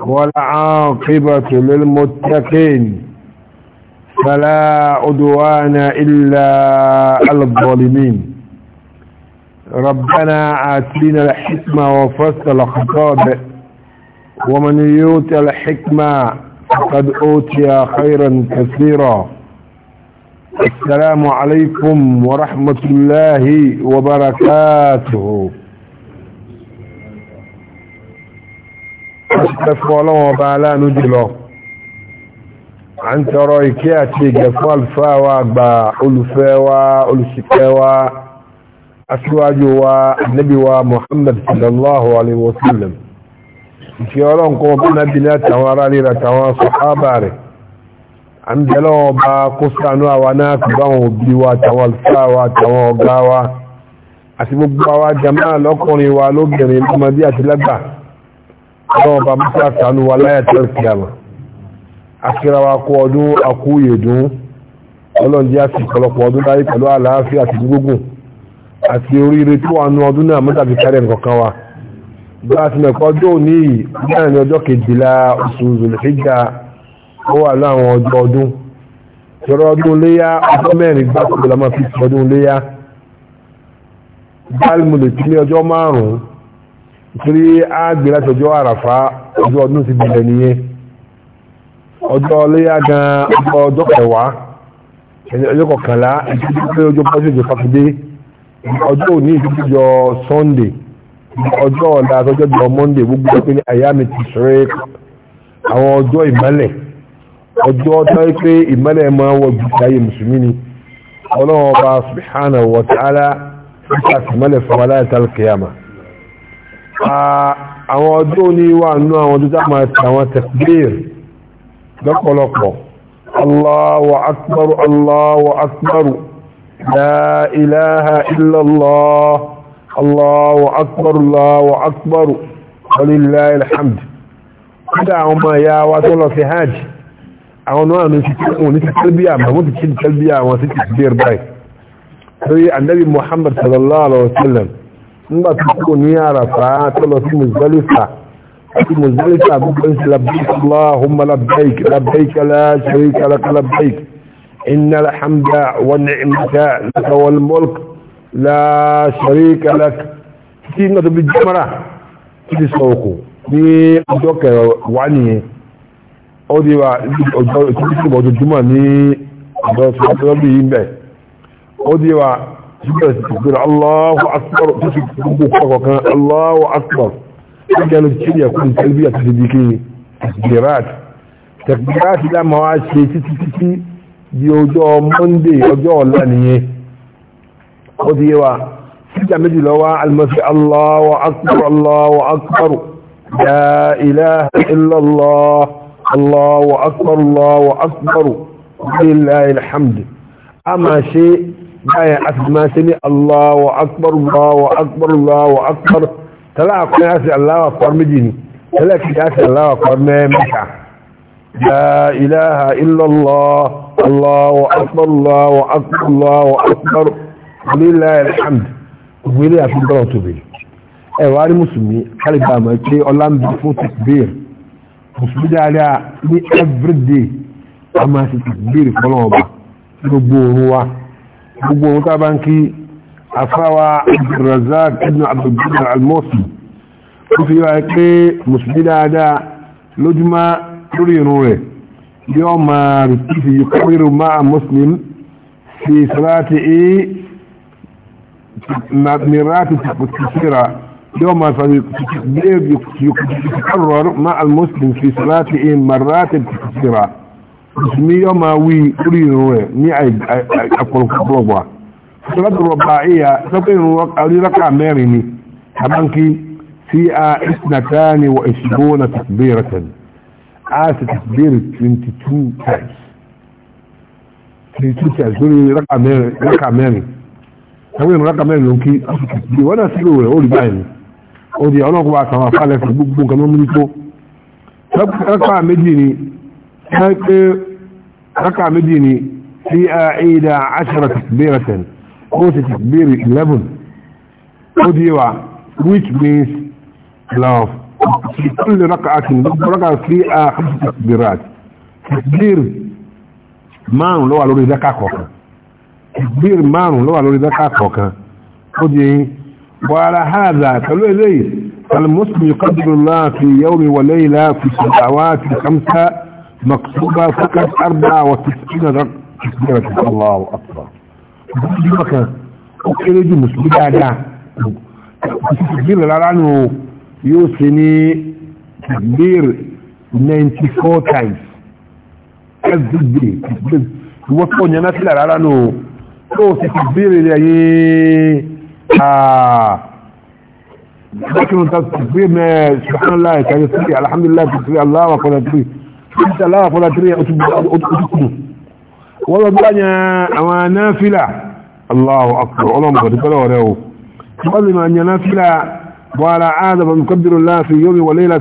والعاقبة للمتقين فلا عدوان إلا الظالمين ربنا آتينا الحكمة وفصل خطابه ومن يوت الحكمة فقد أوتي خيرا كثيرا السلام عليكم ورحمة الله وبركاته ẹ̀fọ́ ọlọ́wọ́n ọba aláàánú jùlọ a ń tọrọ ìkẹ́ àti ìgẹ̀fọ́ àlùfáà wa àgbà olùfẹ́ wa olùṣìkẹ́ wa aṣíwájú wa ànábì wa Muhammad sallallahu alaihi wasallam ìkẹ́ ọlọ́run kọ́ bí nábì ní àtàwọn ará àtàwọn sọ̀hábà rẹ̀ ọlọ́wọ́ bá mọ́sá sànú wa láyà tẹ́lẹ̀ kìyàmà akírawa kú ọdún akú yèdún ọlọ́njẹ́ àti ìpọ̀lọpọ̀ ọdún láyé pẹ̀lú àlàáfíà àti gbogbogbùn àti oríire tó wà nú ọdún náà mọ́tà fi kárẹ̀ nǹkan wa bá a ti mẹ́kọ́ ọjọ́ òní yìí láàrin ọjọ́ kejìlá oṣù zòlùfíjà ó wà láwọn ọjọ́ ọdún tọrọ ọdún léyá ọjọ́ mẹ́rin gbáko la máa fi tọdún léyá báàlì lè tún ní ọjọ́ márùn-ún torí àgbè láti ọjọ́ àràfá ọjọ́ ọdún ti bẹ̀rẹ̀ nìyẹn ọjọ́ léyà gan ọjọ́ ọjọ́ kẹwàá ọjọ́ kọkànlá ìdíjọ́ ọjọ́ pọ́sílẹ̀ sátidé ọjọ́ òní ìdíjọ́ sunday ọjọ́ ọ̀la àtọ́jọ́ jọ monday gbogbo ọpẹ́ ní àyàmì ti sọ́rẹ́ àwọn ọjọ́ ìmọ́lẹ̀ ọjọ́ tó yẹ pé ìmọ́lẹ̀ máa wọ gbìyànjú mùsùlùmí ni ọlọ́run ọba subhanahu wa ta'ala nípa ìmọ́lẹ̀ fọwọ́lá ìtàlùkìyàmà àwọn ọdún ní wà nú àwọn ọdún tá máa tẹ àwọn tẹ̀kbír lọ́pọ̀lọpọ̀ Allahu akbar Allahu akbar la ilaha illallah Allahu akbar Allahu akbar walillahi alhamd kódà àwọn ọmọ ìyá wa tó lọ sí hajj àwọn náà ní ti tẹ́kùn ní ti tẹ́lbíyà mọ̀ ti tẹ́lbíyà wọn sí ti tẹ́lbíyà báyìí torí annabi Muhammad sallallahu alaihi wasallam nígbà tó kò ní àràfà tó lọ sí mùsùlùmí في مزدلفة بقلت لبيك اللهم لبيك لبيك لا شريك لك لبيك إن الحمد والنعمة لك والملك لا شريك لك كتير نتو بالجمرة كتير سوقو دي أدوك وعني أو دي أدوك أدوك الجمعة ني أدوك ربي يمبه أو دي تكبير الله أكبر تكبير الله أكبر قالوا تشيل يكون تلبية تدبيكي تكبيرات تكبيرات لا مواشي تتتتي di ọjọ́ monday ọjọ́ ọ̀la nìyẹn ó ti yé wa síjà méjì lọ́wọ́ almasi allahu akbar allahu akbar ya ilaha illallah allahu akbar allahu akbar lillahi alhamd a máa ṣe báyẹ̀ asìmáṣẹ́ ní Allahu akbar Allahu akbar Allahu akbar tàlá àkọ́ni á sí Allahu akbar méjì ni tàlá kìí á sí Allahu akbar mẹ́ta la ilaha illallah Allahu akbar Allahu akbar Allahu akbar lillahi alhamd gbélé àti bọ́lá tóbi ẹ̀wà ní mùsùlùmí kálíbà máa pé ọlá ń bí fún tìbíir mùsùlùmí dáadáa ní everyday a máa ti tìbíir fọlọ́ọ̀bà gbogbo òun gbogbo ohun tá bá ń kí afáwa abdulrazak ibn abdulbadar almosi ó fi wáyé pé mùsùlùmí dáadáa lójúmọ́ lórí irun rẹ̀ yóò máa rìkíṣì yukabiru máa muslim fi sàláàtì ì mìíràtì tàkùtìsíra yóò máa sọ yukabiru máa muslim fi sàláàtì ì mìíràtì tàkùtìsíra musulmi yóò máa wí orí irun rẹ̀ ní àpọ̀lọpọ̀lọpọ̀ sọ́lọ́tò rọ̀bà ìyà sọ́kọ̀ irun aríraka mẹ́rin ni abanki sí a isnatani wa ishibona takbiratan a ti takbir 22 times 22 times lórí raka mẹ́rin sọ́kọ̀ irun raka mẹ́rin ló ń kí a ti takbir wọ́n náà sílò rẹ̀ ó rí báyìí ni ó di ọlọ́kùnrin حق ركع مديني في عيدة عشرة تكبيرة قوت تكبير لبن قد يوع which means love في كل ركعة ركعة في خمس تكبيرات تكبير ما لو على ذكاء كوكا تكبير ما لو على ذكاء كوكا قد وعلى هذا قالوا ليه المسلم يقدر الله في يوم وليلة في السماوات الخمسة مكتوبة فقط 94 تكبيرة الله أكبر دي مكان أكيد دي مسلمة دا تكبير لعنه يوسني تكبير 94 times كذب تكبير وفقون ينافل لعنه tó ti fi bèèrè rẹ̀ yé ààrẹ ṣùgbọ́n láìka yóò sí alhamdulillah fi sí aláwọ̀ kan náà انت لا فلا تري اتبو ولا نافلة الله اكبر علم قتل وراءه قبل ما ان ينافلة وعلى عادة فنكبر الله في يوم وليلة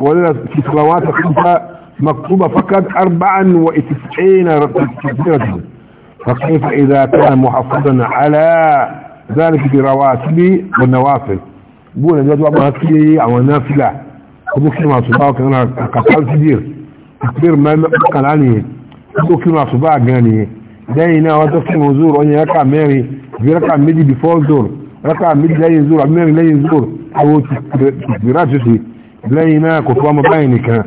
وليلة في صلوات خمسة مكتوبة فقط 94 واتسعين فكيف اذا كان محافظا على ذلك برواتبي والنوافل قولنا جدوا ما هكي نافله gbogbo kí ma ṣùgbọ́n ọkàn náà kàtàkì síbìr ìpínlẹ̀ mẹ́kànlá nìyẹn gbogbo kí ma ṣùgbọ́n àgán nìyẹn lẹ́yìn náà wọ́n tó kí mo zúrò ọyàn rákà mẹ́rin bí rákà méjì before zúrò rákà méjì lẹ́yìn zúrò mẹ́rin lẹ́yìn zúrò àwọn tìgbìrà ti ṣe lẹ́yìn náà kò tó ọmọ báyìí nìkan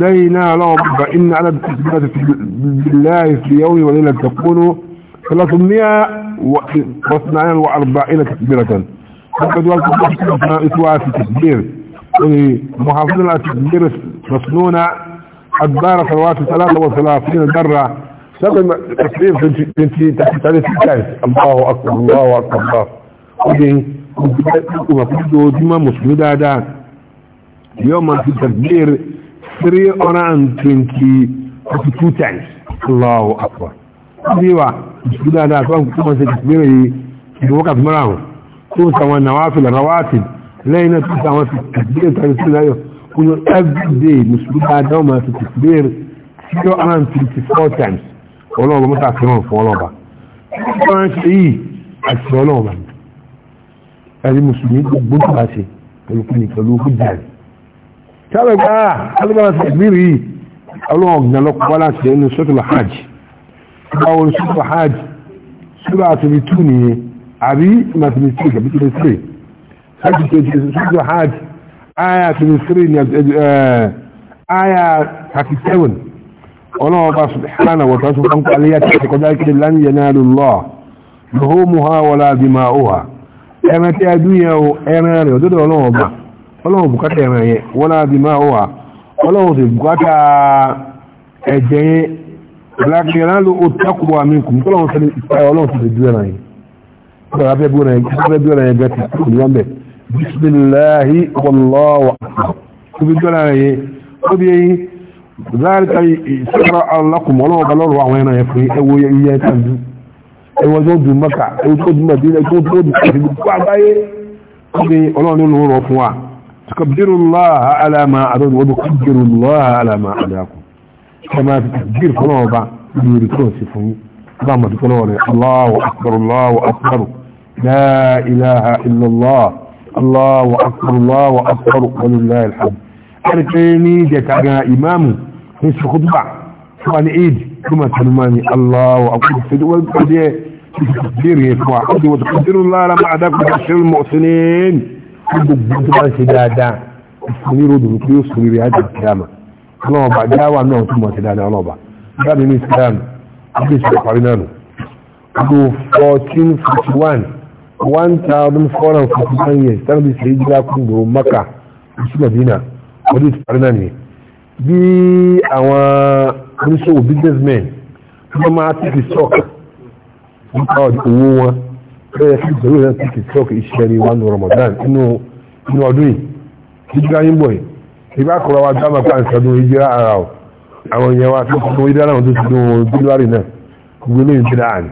lẹ́yìn náà lọ́wọ́ bá iná alábìsíláti bíláì fi yẹ́wò ìwọlé la tẹ̀kúnú ثلاث مئة واثنان واربعين تكبيرة وقد وقت إسواء في تكبير محافظة تدمير مسنونة أدبار صلوات ثلاثة وثلاثين درة سبب تقريب بنتي تحت ثلاث كاس الله أكبر الله أكبر الله ودي ومفيدو ديما مسلمة دا يوم في تدمير 322 times الله أكبر ديوا مسلمة دا كما في وقت مراهم كون سوى نوافل الرواتب lẹ́yìn náà títà wọn fi tẹ̀síbẹ̀rẹ̀ tàbí sí láyọ̀ kúnyọ everyday mùsùlùmí àdáwọn máa fi tẹ̀síbẹ̀rẹ̀ zero and fifty four times ọlọ́ọ̀bà mọ́ta fẹ́ràn fún ọlọ́ọ̀bà wọ́n ṣe yìí àti ọlọ́ọ̀bà ni ẹni mùsùlùmí gbogbo tó bá ṣe pẹ̀lú kí ni pẹ̀lú kú jẹ́ sábẹ̀ gbá alágbára tẹ̀síbẹ̀rẹ̀ yìí ọlọ́ọ̀gbìn lọ́kọ̀ wá láti ẹnu sọ́tùlù hajj báwo ni سورة حاج آية 23 آية 37 الله سبحانه وتعالى سبحانه عليها كذلك لن ينال الله لهمها ولا دماؤها a dúnyẹ bukata بسم الله والله أكبر إيه ذلك سقرأ لكم ولو قالوا وين يفري أو يتنزل مدينة ولو رفوا الله على ما أردت وتكبر الله على ما أداكم كما تكبير فلوبا يريدون سفهم الله أكبر الله أكبر لا إله إلا الله Allahu akbar Allahu akbar walillahi alhamd karfe ni da kaga imamu sai su khutba kuma ni eid kuma tanmani Allahu akbar sai wal qadiya takbir ya kuwa hadu wa takbiru Allah la ma'ada ku bashir mu'sinin gugu ba shi dada ni rodu ku yusuri ya da kiyama Allah ba dawa nan 1,451 years tàbí sí ìjírá kúndò maka sí madina ọdún ìtàrí náà ni bí àwọn oníṣòwò businessmen tí wọ́n máa tìkì stock nípa owó wọn bẹ́ẹ̀ sí ìjọba ìjọba tìkì stock iṣẹ́ ní wọn ní Ramadan inú ọdún yìí ìjírá yín bọ̀ yìí ìbá kọ̀ọ̀rọ̀ wa dáàmà pa ìṣàdùn ìjírá ara ọ̀ àwọn èèyàn wa tó kọ́ ìjírá náà tó ti dùn January náà gbogbo eléyìí ti dáa ni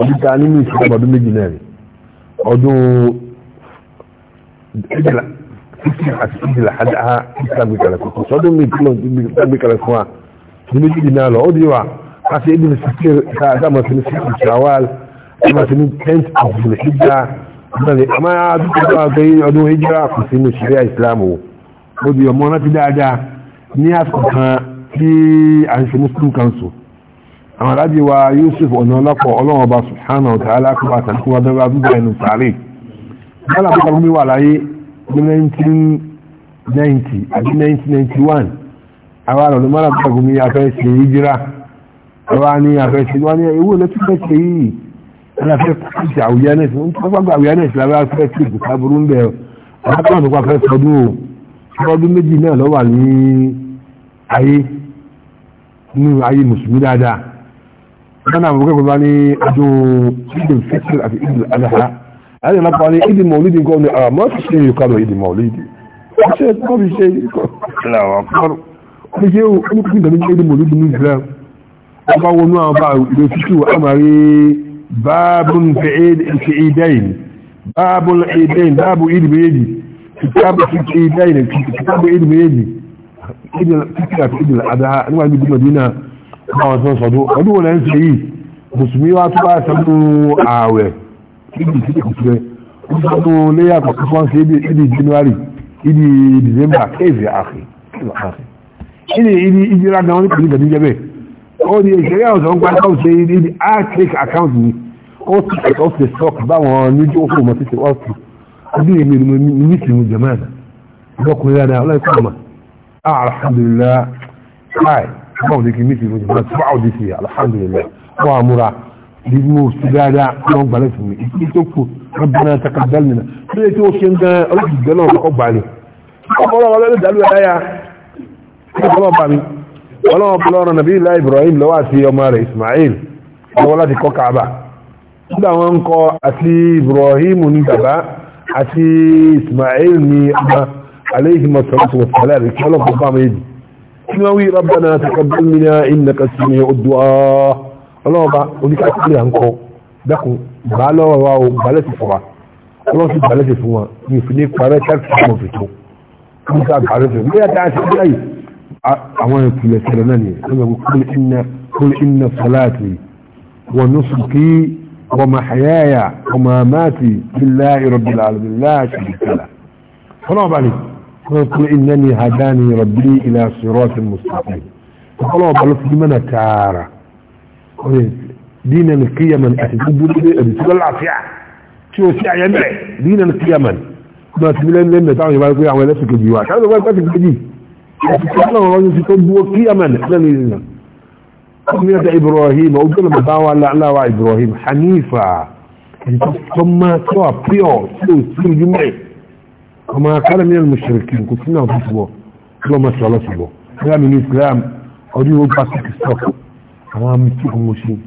ọdún ta nínú ìṣẹ́lẹ̀ ọdún méjì náà ni ọdún ìjìlá àti ìjìlá àdáhà ah, ìsàgbé kalẹ̀kùn kò sọ́dún mi tí wọ́n ti gbé kalẹ̀kùn wa ní méjì náà lọ ó di wa a ṣe ibi sikir káàmà sí ní sikir shawal káàmà sí ní tenth of the hijra ìgbàlẹ̀ àmà àdúgbò tó àgbẹ̀ ọdún hijra kò sí ní sharia islam o ó di ọmọ náà ti dáadáa ní àsìkò kan tí a ń ṣe muslim council àwọn aláàjì wa Yusuf ọ̀nà ọlọ́pọ̀ ọlọ́wọ́ba subhanahu wa ta'ala kó bá tàbí kó wá dọ́gba gbígbà ẹnu sàárè bọ́lá bọ́lá gómìn wà láyé ní 1990 àti 1991 àwọn àlọ́lọ́ mọ́lá bọ́lá gómìn afẹ́ ṣe yíjíra àwọn ní afẹ́ ṣe wọ́n ní ewu ló tún fẹ́ ṣe yìí wọ́n afẹ́ ṣe awareness wọ́n tún fẹ́ gba awareness lábẹ́ afẹ́ ṣe ìgbésà burú ń bẹ̀ أنا بقول يعني أدو عيد الفطر أو عيد الأضحى هذا ما قال عيد المولد يقول آه ما في شيء يقال عيد المولد شيء ما في شيء لا أكبر بيجوا ممكن ده من عيد المولد من الإسلام أبا ونوع بعض يفكروا أمري باب في عيد في عيدين باب العيدين باب عيد بيجي كتاب في عيدين كتاب عيد بيجي عيد الفطر عيد الأضحى أنواع المدينة àwọn tó sọdún ọdún wọn lẹ́yìn sí yìí mùsùlùmí wa tó bá sẹ́nu ààwẹ̀ níbi ìdílé kùsùlẹ̀ ó sọ́nu léyà kọ̀ọ̀kọ́ fún ṣe ibi january ibi december kéèfì àkè ibi ibi ìjìlá gan ní pẹ̀lú gàdí jẹ́bẹ̀ ó ní ìṣẹ̀lẹ̀ àwọn sọ̀rọ̀ gbáńkà ṣe ibi arctic account ni ó ti ṣe off the stock báwọn níjú ó fún ọmọ títí off the ọdún èmi ni mi ti mú jẹ̀mọ́ àná lọ́kùnrin dáadáa ọlọ́ọ̀kọ́ àmà alhamdulillah hi báwo ni kì í mìtì lójú náà báwo di sí alhamdulilayi wọn àmúra bí mo sì dáadáa wọn gbalẹ fún mi ìdí tó kù rabbana taqabbal minna bí ètò òṣèǹ gan ọlọ́dún ìgbẹ́ náà kọ́kọ́ gbà ní. ọlọ́wọ́ ọlọ́dún dàlú ẹ̀ dáyà ọlọ́wọ́ bá mi ọlọ́wọ́ bọ́lọ́rọ̀ nàbí ilá Ibrahim lọ́wọ́ àti ọmọ rẹ̀ Ismail lọ́wọ́ láti kọ́ Kaaba nígbà wọn ń kọ àti Ibrahim ní bàbá àti Ismail ní ọmọ alayhi mọ̀tò ọ̀tò ọ̀tò سنوي ربنا تقبل منا إنك سميع الدعاء الله بقى وليك أتقل هنكو دكو بالا وواو بالا سفوا الله سيد بالا سفوا يفني قرى كارك سفوا فيتو كمسا قرى سفوا ليه تعسل أي أمان كل سرناني قل إن قل إن صلاتي ونصكي ومحياي ومماتي لله رب العالمين لا شريك له فلو بالي قل إنني هداني ربي إلى صراط مستقيم فقال إيه؟ الله في لمن تعارى دينا قيما أحبب رسول العافية شو الشيء يمعي دينا القيما ما تقول لنا تعالى يبقى يقول يعمل نفسك بيواك هذا هو نفسك بدي سبحان الله الذي تقول قيما لن قمية إبراهيم أقول لما دعوة لا لا وإبراهيم حنيفة ثم سوى بيو سوى سوى جمعي وما كان من المشركين كنت سنة وفسبه كل ما شاء الله سبه كلام من الإسلام أريد باسك السوق أما مستيكم وشين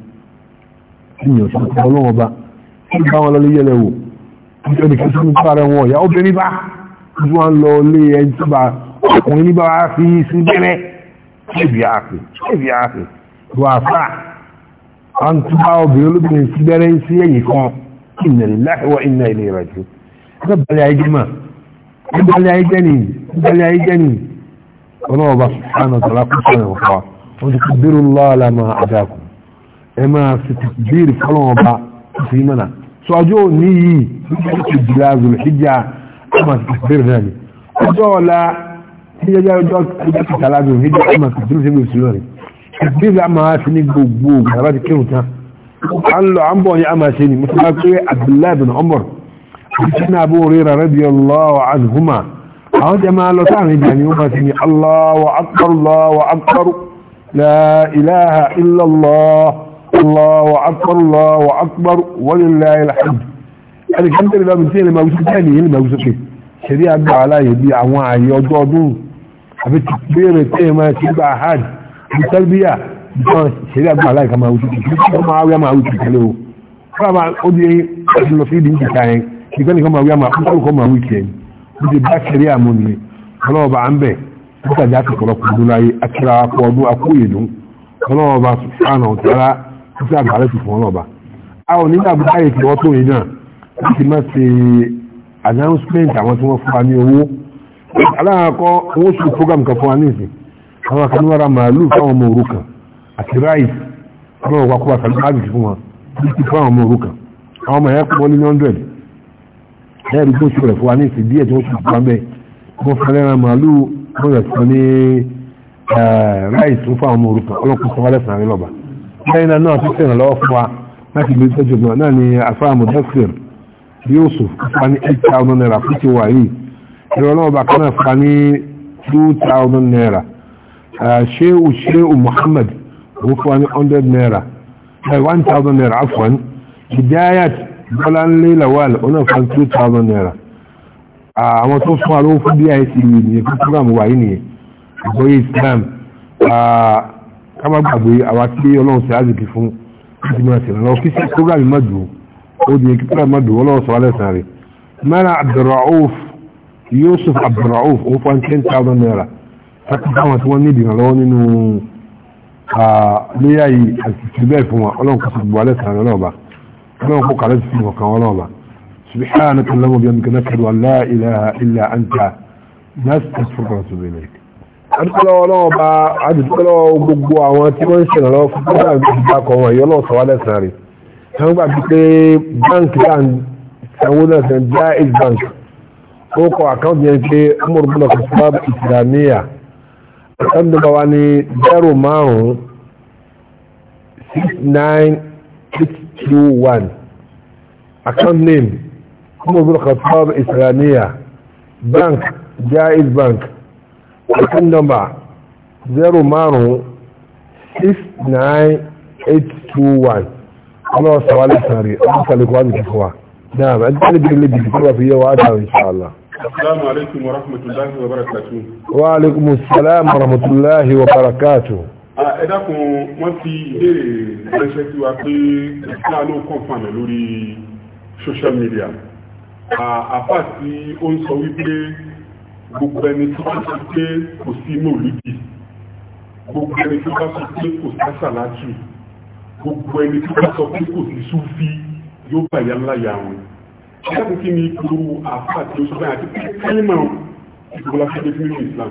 سنة وشين قولوا وبا سنة ولا لي له كنت أنا كنت من قارة هو يا أبني بقى جوان لو لي ينتبع وإني بقى في سنبنة كيف يا أخي كيف يا أخي وعفا أنت بقى بيقولوا من سنبنة سيئي كون إن الله وإنا إليه راجعون رب العجمة ìgbàlẹ̀ ayé jẹ́ni ìgbàlẹ̀ ayé jẹ́ni ọlọ́ọ̀bá sùhánà tọ́lá kú sọ́nà ọ̀fà wọ́n ti kú bírù lọ́ọ̀lá máa àdáàkù ẹ máa fi ti bírù fọ́lọ́ọ̀bá sí mọ́nà tó ọjọ́ òní yìí nígbà tó jìlá zùlù hijja ẹ máa ti bírù náà ni ọjọ́ ọ̀la níjẹ́jẹ́ ọjọ́ ìjọ ti tàlá zùlù hijja ẹ máa fi bírù sí gbèsè lọ́rẹ̀ bírù máa fi ní gbogbo ògbà ìtìnà Abu Hurairah radiyallahu anhuma àwọn jẹ máa lọ sáàrin ìjà ni ó máa ti ní Allahu akbar Allahu akbar la ilaha illallah Allahu akbar Allahu akbar walillahi alhamd ẹnìkan tẹ́lẹ̀ lọ́mí tí ilẹ̀ màwùsù tẹ́ ní ilẹ̀ màwùsù pé ṣeré àgbà aláyè bí àwọn ààyè ọjọ́ ọdún àbí ti béèrè tẹ́ máa ti gba hajj ìgbẹ́ni kan máa wí àmà ọkọ̀ kan máa wí tiẹ̀ ní ti bá kiri àmú ni ọlọ́ọ̀bà à ń bẹ̀ nígbà tí a ti kọ̀lọ̀ kùdú láyé akíra akọ ọdún akóyè dùn ọlọ́ọ̀bà sùpánà ọ̀tara títí àgbàlẹ̀ ti fún ọlọ́ọ̀bà. a ò nígbà bí báyìí ti ọtún yìí náà láti má ṣe announcement àwọn tí wọ́n fún wa ní owó aláàkọ́ wọ́n sùn program kan fún wa nísìn àwọn kan wára màálù fáwọn ọmọ òrukàn àti rice ọlọ́ọ̀wà kó wa sàlùmáàbì fún wọn fún àwọn ọmọ àwọn ọmọ ẹ̀yà kọ́ ní 100 lẹ́yìn tó ṣe rẹ̀ fún wa ní ìsìn díẹ̀ tí wọ́n ṣùgbọ́n wọn bẹ́ẹ̀ wọ́n fẹ́rẹ́ ra màálù wọ́n rẹ̀ sọ ní ráìsì fún àwọn ọmọ òrukàn ọlọ́kùn sọ wálẹ̀ sàn lọ́ba lẹ́yìn náà tó ṣe ìrànlọ́wọ́ fún wa láti gbé tọ́jú náà náà ni afáàmù dẹ́sìlẹ̀ Yusuf fún wa ní eight thousand naira fún ti wà yìí ìrànlọ́wọ́ bá kan fún wa ní two thousand naira ṣéwù ṣéwù Muhammad òun fún wa ní hundred naira one thousand naira afwan Hidayat bọ́lá ń lé lawal ọ̀nà fan two thousand naira àwọn tó fún alówó fún BIC nìyẹn fún program wà yìí nìyẹn ìgbóyè Islam ká má gbàgbé àwa tí ọlọ́run ṣe àzìkì fún láti máa ṣe lọ kí sí program má dùn ó di kí program má dùn ọlọ́run sọ alẹ́ sàn rẹ̀ mẹ́rin Abdulrauf Yusuf Abdulrauf ó fún ten thousand naira láti dáwọn tí wọ́n ní ìdìrànlọ́wọ́ nínú ọlọ́run kò sì gbọ́ alẹ́ كما فوق على السنة وكوالاما سبحانك اللهم بيامك نشهد أن لا إله إلا أنت نستغفرك ونتوب إليك adúpẹ́lọ́ ọlọ́wọ́ bá adúpẹ́lọ́ gbogbo àwọn tí wọ́n ń ṣèrànlọ́wọ́ fún pẹ́lú àgbàkọ̀ wọn yọ́ náà sọ̀wọ́ lẹ́sàn rẹ̀ wọ́n gbà pé báńkì náà sanwó náà sàn Jaiz bank ó kọ àkáǹtì yẹn pé ọmọdé bọ́lá kò fún bábà ìsìlámíyà ẹ̀sán wa ní zero márùn-ún six nine six 221 account name عمر بن الخطاب إسلامية بنك جائز بنك account number 0569821 الله وصلى عليه ساري أحسن لكوانك إخوة نعم أنت اللي اللي بيكتبها فيها وأدعو إن شاء الله السلام عليكم ورحمة الله وبركاته وعليكم السلام ورحمة الله وبركاته Ah, ẹ dákun wọ́n fi ìbéèrè ránṣẹ́ sí wa pé náà ló kàn fún lórí social media ah, àfà tí ó ń sọ wípé gbogbo ẹni tó bá sọ pé kò sí mòlúdì gbogbo ẹni tó bá sọ pé kò sí àṣàlájù gbogbo ẹni tó bá sọ pé kò sí súfí yóò bá ìyá ńlá yà wọn ẹ dákun kí ni irú àfà tí ó sọ pé àti pé kí ni fún ẹgbẹ́ fún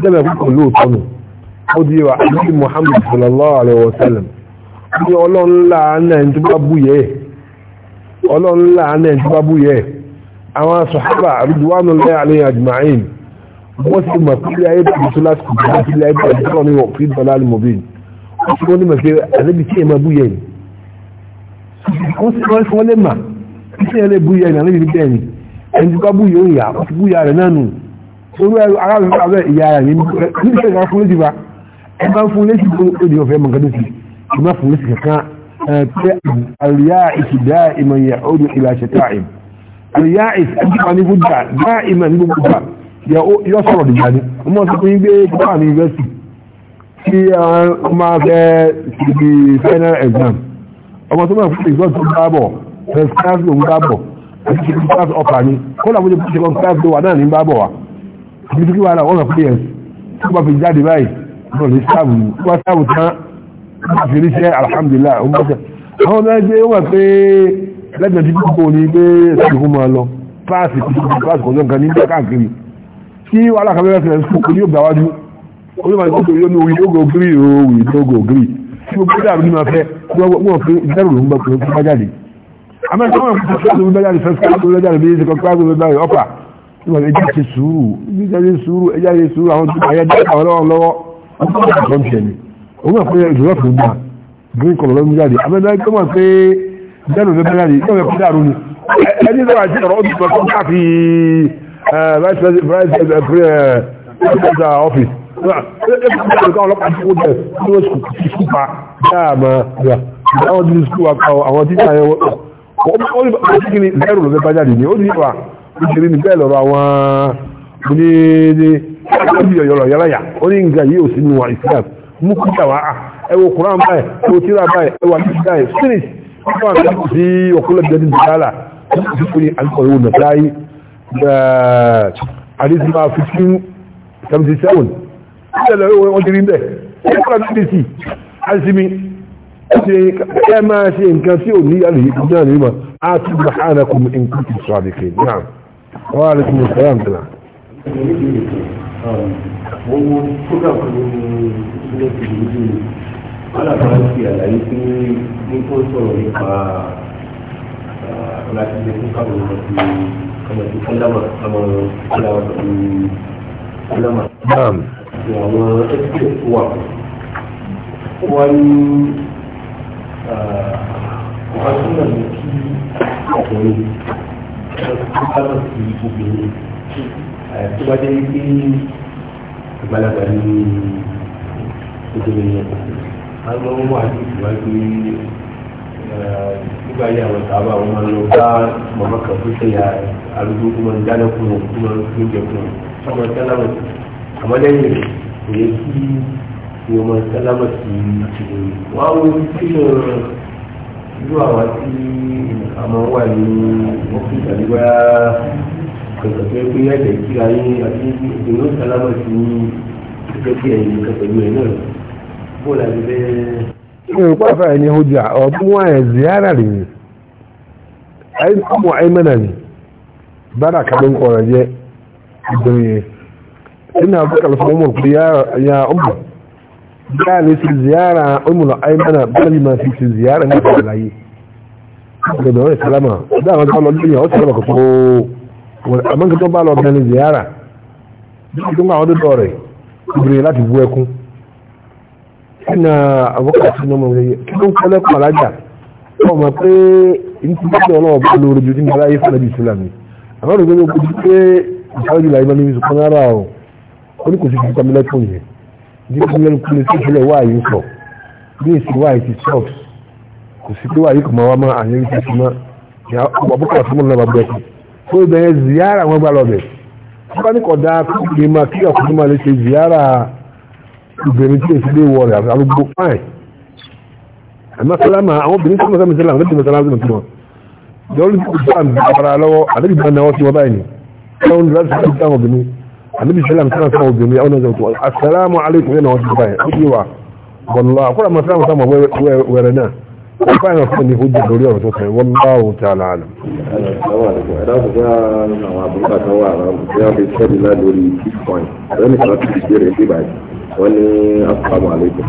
dẹ́bẹ̀ kúkọ̀ lóòótọ́ nù ó di wa àti muhammad sallallahu alayhi wa sallam ní ọlọ́nlá náà tó bá búyẹ̀ ọlọ́nlá náà tó bá búyẹ̀ àwọn sọ̀hábà àrùdùwánù lẹ́yìn àlẹ́yìn àjùmáyìn wọ́n sì mọ̀ pílẹ̀ ayé bàbá tó láti kù bá pílẹ̀ ayé bàbá tó ní wọ̀ pí dọ́là ní mọ̀bí wọ́n sì wọ́n ní mọ̀ pé àlẹ́bí tí ẹ̀ máa búyẹ̀ ni olú ẹrù arábìnrin abẹ́ ìyá rẹ̀ ní níṣẹ́ ìgbà fún létí bá ẹ bá ń fún létí fún òdì ọ̀fẹ́ mọ̀gádó sí ẹ má fún létí kankan pé àríyá ìṣìdá ìmọ̀ yẹ ọdún ìlà ṣẹta ìm àríyá ìṣìdá ní gbogbo dá ìmọ̀ ní gbogbo gbà yọ sọ̀rọ̀ dìgbà ní ọmọ sọ fún gbé gbà ní yunifásitì tí ọmọ fẹ́ síbi final exam ọmọ tó máa fún ìgbọ́ tó gbá bọ̀ first class ló ń gbá bọ̀ àti second class ọ̀pá ni kó làwọn jẹ́ second class ló wà náà ní gbá bọ̀ wa àbíkí wàhálà wọ́n kàfí ẹ̀sì tó bá fi jáde báyìí wọ́n lè sáàbù tó bá sáàbù tán wọ́n fi ríṣẹ́ alhamdulillah àwọn ọmọ ẹgbẹ́ wọ́n pé lẹ́gbẹ̀ẹ́ tí kò ní pé ṣàkókò máa lọ páàsì páàsì kọjọ́ nǹkan ní bẹ́ẹ̀ káàkiri tí wàhálà kan bẹ́ẹ̀ sẹ̀rẹ̀ sùkú ní ògbà wájú onímọ̀ ìgbà tó yọ ní orí ogo gírí òwì ogo gírí tí gbogbo dàbí ní máa fẹ́ wọ́n fi dẹ́rù ló ń bá jáde àmọ́ ìgbà wọn kò tó ṣe ìwọ̀n ẹjá ṣe sùúrù ẹjá ṣe sùúrù ẹjá ṣe sùúrù àwọn tó ayé dá àwọn lọ́wọ́ lọ́wọ́ wọ́n tó bá tọ́jú ẹni òun náà pé ìjọba fún gbà green kọlọ lọ́mú jáde abẹ́rẹ́ tó mọ̀ pé dẹ́nu bẹ́ẹ̀ jáde yóò fẹ́ kúndà rúni ẹni tó wà sí ọ̀rọ̀ ọdún tó kọ́ káfí vice office àwọn tí ìyá yẹn wọ́n ó ìṣeré ní bẹ́ẹ̀ lọ́rọ̀ àwọn onídé ẹbí ọ̀yọ̀rọ̀ yálàyà ó ní nǹkan yìí ò sí nu islam mú kúta wá ẹ wo Quran báyìí ẹ tíra báyìí ẹ wo àdúgbò finish wọ́n máa fi kù sí ọkùnrin bẹ́ẹ̀ ní dàlà wọ́n ti fún ní alukọ̀ yóò nàta yìí àdìsí máa fi fún seventy seven ìṣẹ̀lẹ̀ wọ́n ti rí bẹ́ẹ̀ ẹ kọ́ra ní bíi sí àdìsí mi ẹ máa ṣe nǹkan tí ò ní àlè yìí kúndínlẹ̀ nínú àti subhanakum in kuntum sadiqin náà wọ́n á lè tún ìfẹ́ àmì náà. mo wo program kan ní ilé tìlúdì alábàá ti àlàyé pé ní kó sọ̀rọ̀ nípa láti lè fún káwọn ọmọ ti kọmọ ti kálámà àwọn kọlámà ti kálámà. àti àwọn ẹgbẹ́ tó wà wọ́n ní wọ́n tún náà ní kí ọkùnrin ìbámu ti obìnrin tó bá jẹ́ pé àgbàlagbà ní obìnrin yẹn àwọn ọmọ wa ti wá pé nígbà yìí àwọn sábà wọn máa ń lọ bá màmá kan tó ṣe ya arúgbó tó máa ń dáná fún wọn tó máa ń fi oúnjẹ fún wọn tó máa ń sálámà sí àmọ́ lẹ́yìn rẹ̀ kò yẹ kí wọ́n máa sálámà sí ìṣòro wọn á wọ ibi tí wọ́n irú àwọn tí a máa wà ní ọ́fíìsì àdúgbò kẹ̀kẹ́ pé pé ẹ̀jẹ̀ kíra yín àti ìdùnnú sálámà sí ní ẹgbẹ́ tí ẹ̀yìn kan pẹ̀lú ẹ̀ náà bó la ti fẹ́. ṣé o pàfà ẹni hojà ọdún wa ẹ̀ ziyara rè é ọmọ ẹ̀mẹ́nà ni bára kàdé ń kọ̀ọ̀rọ̀ jẹ́ ìgbẹ̀rẹ̀ yẹn ẹ̀ náà bó ọmọ òkú yá ọmọ bá lè ṣe ziyara ọmọlọ àìmọ́nà bá lè máa fi ṣe ziyara ní ìpàdé láyé gbẹ̀dọ̀ rẹ̀ sálámà ọdá àwọn tó lọ lórí ọ̀ sálámà kò tó àmọ́ nǹkan tó bá lọ bẹ̀rẹ̀ ziyara nígbà àwọn tó dọ̀rẹ̀ obìnrin láti bú ẹkún ẹnà àwọ́kàtí ní ọmọ rẹ̀ kí ló ń kọ́ lẹ́kọ̀ọ́ alájà wọ́n mọ̀ pé ní ti bíi ọlọ́wọ́ bá lórí ju ní aláyé fún ẹbí ìsìlá mi àwọn olùgbé o kọjú pé ìsáwọ́jú làyé máa ní ìsìnkú náírà ọ̀ ó ní kò sí kíkọ́ mi yẹn dípẹ́lẹ́lú kúlẹ̀ tó fẹ́lẹ̀ wà yìí sọ bí èsì wà yìí ti shops kò sí pé wà yìí kò máa wá máa àyẹ̀wò ti fi mọ́ ọ̀bùkọ̀ àtúmọ̀ náà bá bẹ́ẹ̀ kù tó bẹ̀rẹ̀ ziyara wọn gbà lọ́bẹ̀ wọ́n bá ní kọ̀ dáa kó lè máa kí ọkùnrin máa lè ṣe ziyara obìnrin tí èsì lè wọ rẹ̀ arúgbó fáìn àmọ́ sálámà àwọn obìnrin tó mọ̀sámi sálámà lẹ́tọ̀ mọ̀sálámà tó mọ̀ lọ́wọ́ lọ́wọ́ àdébìbọn náà wọ́n ti wọ́n báyìí النبي صلى الله عليه وسلم وبيمي او نزلت السلام عليكم انا وجه باي ايوا والله كل ما سلام سلام ورنا فانا كنت في وجه دوري والله تعالى اعلم wọ́n ní asalaamu aleykum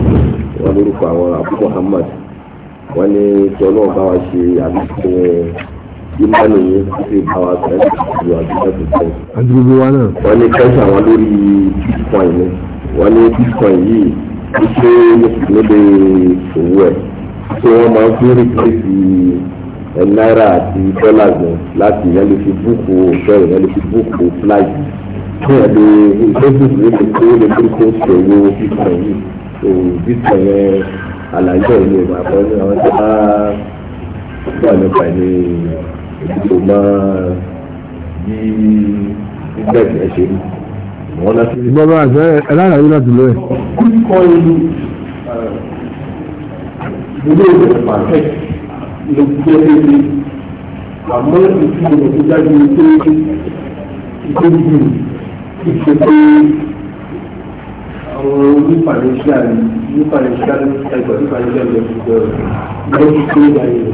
wọ́n lórúkọ àwọn abu muhammad wọ́n ní tí ọlọ́ọ̀bá wa ṣe àbíkú ìmọ̀nì yìí ti bá wa sẹ́yìn ju àdúgbò tó tẹ̀. àdúgbò wa náà. wọ́n ní kẹ́sì àwọn lórí bitcoin ni wọ́n ní bitcoin yìí kí ṣe níbi òwú ẹ̀ tí wọ́n máa ń fi rí kéèsì náírà àti dọ́là gan láti ìyẹn lè fi búùkù ọ̀fẹ́ ìyẹn lè fi búùkù fúláì fún ẹ̀ lè ìgbésùn lè fi kó lè fi kó ṣe owó bitcoin yìí bitcoin yẹn àlàyé ẹ̀ ní ìgbà kan wà nípa ní ìdílé máa bí bẹ́ẹ̀ ẹ ṣe rí wọn láti. bàbá àti ẹlẹ́rìí ayé láti lọ ẹ̀. kíkọ́ inú ilé ìwé pàṣẹ ló jẹ́ pé àmọ́ ìfún ìwé dájú pé ìgbésí ìṣe pé àwọn onípàdé ṣáà ní onípàdé ṣáà ní ẹgbẹ̀rún ìpàdé ṣáà ní ẹgbẹ̀rún ìgbẹ̀rún lọ́sí tó ń bá yẹn.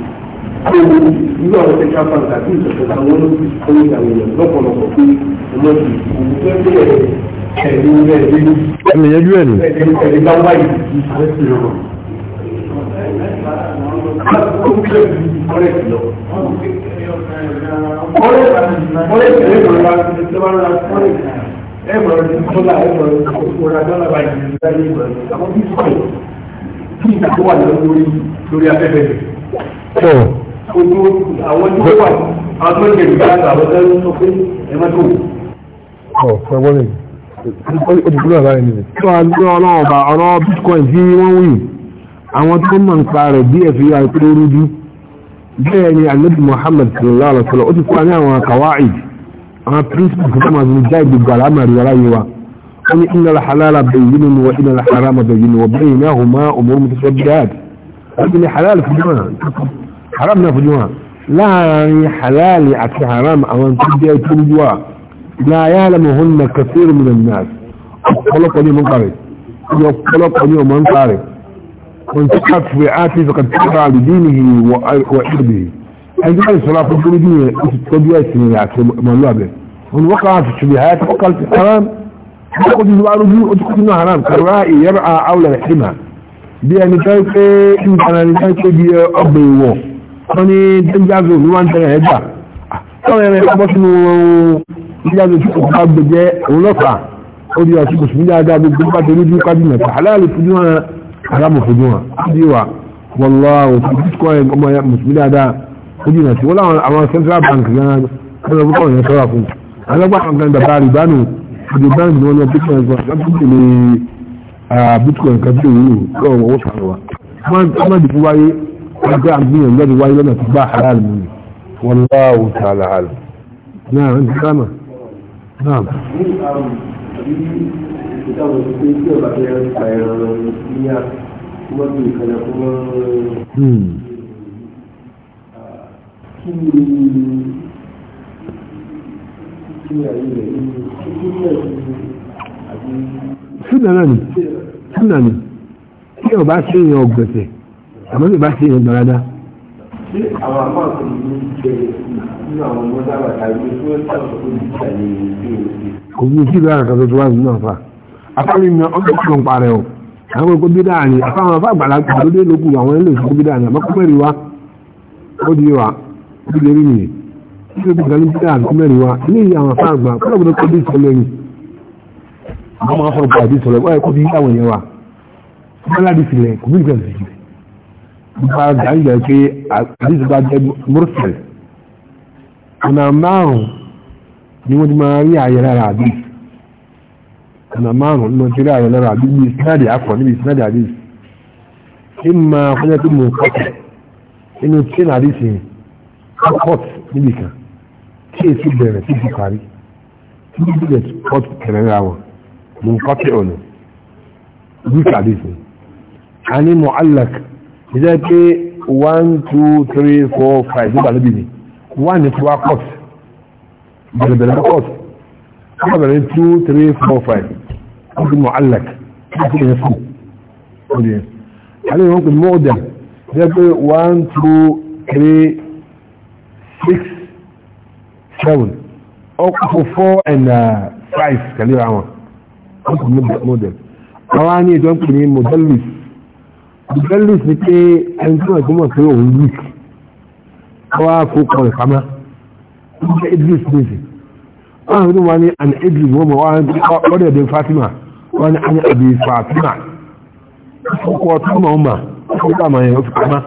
gbogbo irú àwọn sexual fans àti ìṣẹ̀kọ̀ta wọn ló fi kọ́ ìyàwó rẹ̀ lọ́pọ̀lọpọ̀ pé ọlọ́dún òun fẹ́ bẹ̀rẹ̀ ẹ̀rí rẹ̀ lórí. ẹ̀mí yẹjú ẹ̀ ẹ̀rí bá wá yìí ṣe sí ọ̀rọ̀. Tó ojú àwọn ojú wà àwọn tó ń gbèrú gbàgbà àwọn tó ń sọ pé ẹ má tó. ọ̀ fẹ́ wọlé ó ti kúrò àbáyé nìyẹn. tí wàá gbé ọlọ́wọ́ bá ọ̀rọ̀ bitcoin tí wọ́n wí àwọn tó ń nàǹpa rẹ̀ bí ẹ̀fí àìpé rújú bẹ́ẹ̀ ni alẹ́bí Muhammad sallallahu alaihi wa sallam ó ti kúrò ní àwọn kawaid àwọn prínsípù tó máa ń já ìgbìgbà alámàrí aláyé wa ó ní inna al-halala bayyinun wa inna al-harama bayyinun wa baynahuma umurun mutashabihat ó ti ní halal fún náà حرام لا في لا يعني حلال يعني حرام او ان تبدي او لا يعلمهن كثير من الناس اخلق لي من قريب يخلق لي من قريب من سقط في عاتي فقد تقرع لدينه وعربه عندما الصلاة في الدين تبدي اسمي يعني من الله من وقع في الشبهات وقال في حرام يقول لي دوار الدين انه حرام كرائي يرعى اولى الحمى بيعني تايك ايه انت انا نتايك ايه ابي وو wọ́n ní dẹ́gbàzó ní wọ́n tẹ̀rẹ̀ ẹgbà tọ́rọ ẹ̀rẹ́ ọgbọ́ sínú dẹ́gbàzó tí kò bá gbẹ̀jẹ́ òun lọ́fà ó di ọ̀sùn kò sí ní dáadáa gbogbo bá tẹ̀lé ojú kájú mẹ́ta aláàlú fojú wọn aráàmù fojú wọn bí wà wọlọ òfin bitcoin ọmọ ya mùsùlùmí dáadáa fojú náà tí wọ́n láwọn àwọn central bank gan ọ̀nà púpọ̀ yẹn sọ́ra fún alágbà kankan bàbá rìbánu ọdún báńkì ni wọ́n lọ bitcoin kan láti tẹ̀lé bitcoin kan tí òun lò lọ́wọ́ owó sàrọ̀ wa. wọ́n dìbò wáyé ọjọ́ àgbìyàn lọ́dún wáyé lọ́nà tó bá halal mú ni wallahu ta'ala alam náà ń sáàmà náà. Súnà náà ni, súnà ni, kí ọba ṣe yan ọgbẹ̀sẹ̀ àmọ́ bí bá ṣe yẹn gbọ́ra dá. ṣé àwọn àmọ́ àti ìlú jẹ nínú àwọn ọmọ dábà tàbí tí wọ́n sàkóso ní ìtàlẹ̀ ìlú kò ní kí bá àkàtọ̀ tó wà nínú àfa afárí mi ọdún tó ń parẹ́ o àwọn ẹgbẹ́ bí dáa ni afáwọn afá àgbàlá tó dé lókù àwọn ilé ìṣòkò bí dáa ni àmọ́ kọ́mẹ́rì wa ó di wa ó di lérí nìyí kí ló ti gbà ní bí dáa kọ́mẹ́rì wa ilé ìyá àwọn afá àgbà kọ́lá gbọdọ̀ kọ́ bí ìṣọ̀lẹ̀ ni àwọn afọ àgbà bí ìṣọ̀lẹ̀ wáyé kó fi yáwó yẹn wa kọ́mẹ́lá di sílẹ̀ kò bí ìgbà ba dangane ke hadisi ba jẹ́ mursal ọ̀nà márùn ni wọ́n ti máa rí ààyè lára àbí ọ̀nà márùn ni wọ́n ti rí ààyè lára àbí bí sinadi akọ̀ níbi sinadi àbí in ma kọjá tí mo kọ́tẹ̀ inú tí nàdí sí kọ́t níbi kan tí èsì bẹ̀rẹ̀ tí ti parí tí bí bílẹ̀ kọ́t kẹrẹ ra wọn mo kọ́tẹ̀ ọ̀nà wíkà àdí sí a ní mọ̀ alak ìjẹ́ pé one two three four five nígbà níbi ni one is tiwa court bẹ̀rẹ̀bẹ̀rẹ̀ bá court nígbà bẹ̀rẹ̀ two three four five wọ́n ti mọ̀ alec wọ́n ti yẹn fún un ọdún yẹn alẹ́ wọn pè more than ìjẹ́ pé one two three six seven ọkọ̀ fún four and uh, five kẹ́lẹ́ ra wọn wọ́n ti mọ̀ model àwọn á ní ìjọ ń pè ní modelis abdulkalis ni pé ẹni tí wọ́n ti mọ̀ pé òun weak wọ́n á kó kọ́ ìpamá wọ́n jẹ́ idris nìyí wọ́n á rí wọn ní an idris wọ́n mọ̀ wọ́n dẹ̀ dé fatima wọ́n ní an abi fatima wọ́n kọ́ tó mọ̀ ọ́n mà wọ́n kọ́ àmà yẹn wọ́n fi pamá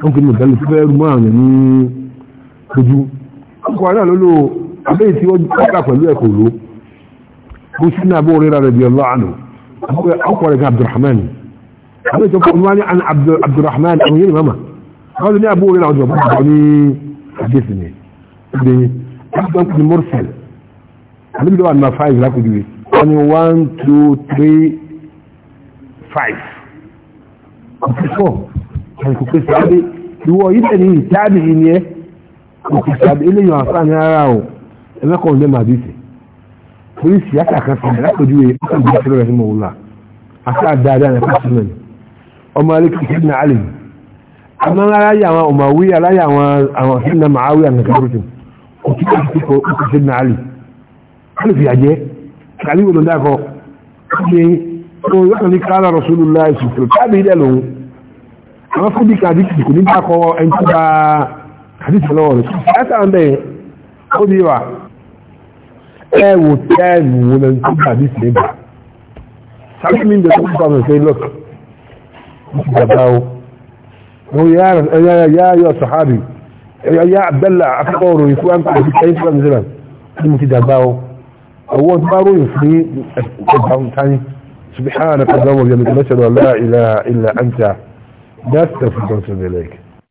wọ́n kì í mọ̀ bẹ́ẹ̀ fẹ́ mọ́ àwọn yẹn ní ojú wọ́n kọ́ àná lọ́lọ́ abẹ́yẹ tí wọ́n kọ́ pẹ̀lú ẹ̀kọ́ ló bó sínú abó rírà rẹ̀ bí ọlọ́ àná ọkọ̀ rẹ̀ kan abdulrahman هذا يقول لي عن عبد عبد الرحمن أو ماما قالوا لي أبوه إلى عجب قالوا حدثني أحسن كل مرسل أنا بدو أن ما فايز لك جوي أنا 1 2 3 5 أكسوه كان كوكس عادي هو يدني تابعيني كوكس تابي إلي يعطان يا راو أنا قول لما حديثي polisi yàtà kan sọ̀rọ̀ lápòjú ẹ̀ ọ̀sán ìgbésẹ̀ rẹ̀ sí mọ̀ wùlá àti ọmọ alẹ́kùn sẹ́dínà alì àmọ́ aláyà àwọn ọmọwé aláyà àwọn sẹ́dínà màáwé àgbàkàrùtùn òtún àtìkò òkú sẹ́dínà alì alì fi àjẹ́ kàlí wọn dákọ̀ ṣe tó yọ́kàn ní kára rasulullah ìsìnkú tábí ilẹ̀ lòun àwọn fúdí kàdí kìkù ní dákọ̀ ẹni tó bá kàdí tẹ̀lọ́wọ̀ rẹ̀ ẹ̀sà ń bẹ̀ ó di wà ẹ wò tẹ́ẹ̀mù wọn ẹni tó bá kàdí tẹ̀lọ́wọ̀ باباو هو يا يا يا يا صحابي يا يا عبد الله اقوروا يكون في كيف من زمان انت دباو هو دبارو يفري دباو ثاني سبحانك اللهم وبحمدك لا اله الا انت لا استغفرك اليك